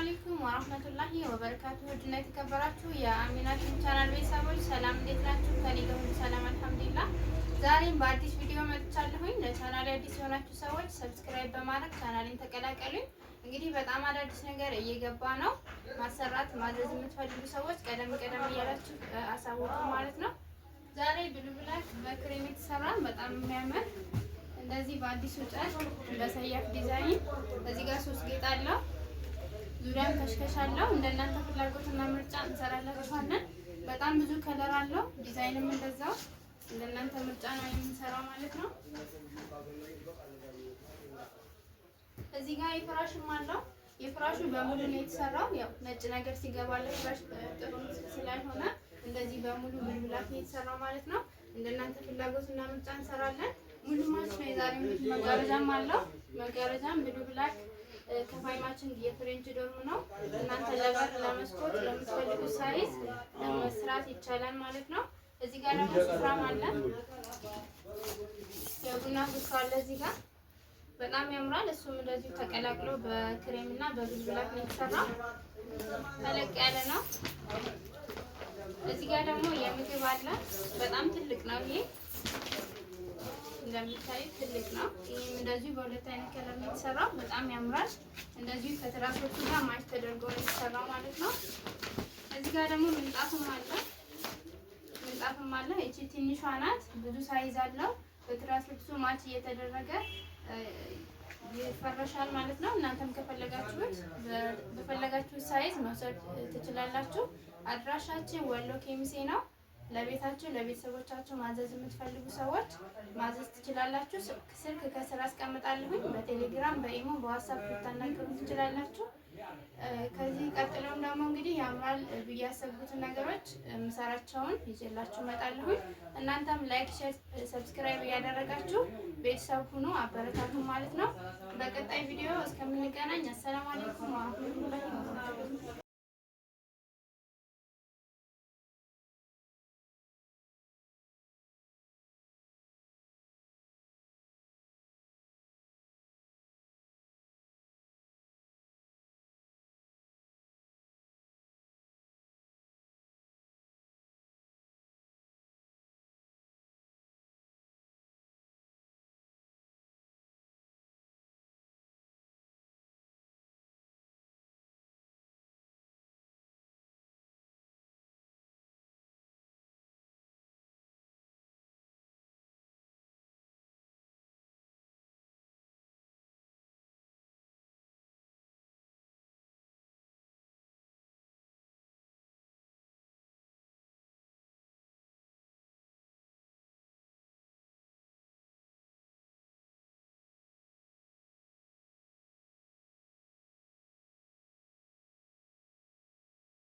አለይኩም ወራህመቱላሂ ወበረካቱ። ውድና የተከበራችሁ የአሚናችን ቻናል ቤተሰቦች ሰላም፣ እንዴት ናችሁ? ከኔ ጋር ሁሉ ሰላም አልሐምዱሊላህ። ዛሬም በአዲስ ቪዲዮ መጥቻለሁኝ። ለቻናል አዲስ የሆናችሁ ሰዎች ሰብስክራይብ በማድረግ ቻናሌን ተቀላቀሉኝ። እንግዲህ በጣም አዳዲስ ነገር እየገባ ነው። ማሰራት ማዘዝ የምትፈልጉ ሰዎች ቀደም ቀደም እያላችሁ አሳውቁ ማለት ነው። ዛሬ ብሉ ብላክ በክሬም የተሰራ በጣም የሚያምር እንደዚህ በአዲሱ ጨርቅ በሰያፍ ዲዛይን እዚህ ጋር ሶስት ጌጥ አለው ዙሪያም አለው እንደናንተ ፍላጎትና ምርጫ እንሰራለን። በጣም ብዙ ከለር አለው። ዲዛይንም እንደዛው እንደናንተ ምርጫ ነው የምንሰራው ማለት ነው። እዚህ ጋር የፍራሽም አለው። የፍራሹ በሙሉ ነው የተሰራው። ያው ነጭ ነገር ሲገባ ለፍራሽ ጥሩ ስላልሆነ እንደዚህ በሙሉ ብሉላት ነው የተሰራው ማለት ነው። እንደናንተ ፍላጎትና ምርጫ እንሰራለን። ሙሉ ማለት ነው። የዛሬ መጋረጃም አለው። መጋረጃም ብሉ ብላክ ከፋይማችን የፍሬንች ዶርም ነው። እናንተ ለበር ለመስኮት ለምትፈልጉ ሳይዝ ለመስራት ይቻላል ማለት ነው። እዚህ ጋር ደግሞ ስፍራም አለ። የቡና ፍስካ አለ እዚህ ጋር በጣም ያምራል። እሱም እንደዚሁ ተቀላቅሎ በክሬም እና በብዝብላት ነው የተሰራው። ተለቅ ያለ ነው። እዚህ ጋር ደግሞ የምግብ አለ። በጣም ትልቅ ነው ይሄ እንደሚታዩት ትልቅ ነው። ይህም እንደዚሁ በሁለት አይነት ከለር ነው የተሰራው፣ በጣም ያምራል። እንደዚሁ ከትራሶቹ ጋር ማች ተደርጎ ነው የተሰራው ማለት ነው። እዚህ ጋር ደግሞ ምንጣፍም አለ ምንጣፍም አለ። እቺ ትንሿ ናት፣ ብዙ ሳይዝ አለው። በትራስ ልብሱ ማች እየተደረገ ይፈረሻል ማለት ነው። እናንተም ከፈለጋችሁት በፈለጋችሁት ሳይዝ መውሰድ ትችላላችሁ። አድራሻችን ወሎ ኬሚሴ ነው። ለቤታችሁ ለቤተሰቦቻችሁ ማዘዝ የምትፈልጉ ሰዎች ማዘዝ ትችላላችሁ። ስልክ ከስር አስቀምጣለሁኝ። በቴሌግራም በኢሞ በዋትሳፕ ልታናገሩ ትችላላችሁ። ከዚህ ቀጥለውም ደግሞ እንግዲህ ያምራል ብዬ ያሰብኩትን ነገሮች ምሰራቸውን ይዤላችሁ እመጣለሁኝ። እናንተም ላይክ፣ ሼር፣ ሰብስክራይብ እያደረጋችሁ ቤተሰብ ሁኑ፣ አበረታቱ ማለት ነው። በቀጣይ ቪዲዮ እስከምንገናኝ አሰላም አለይኩም ወራህመቱላሂ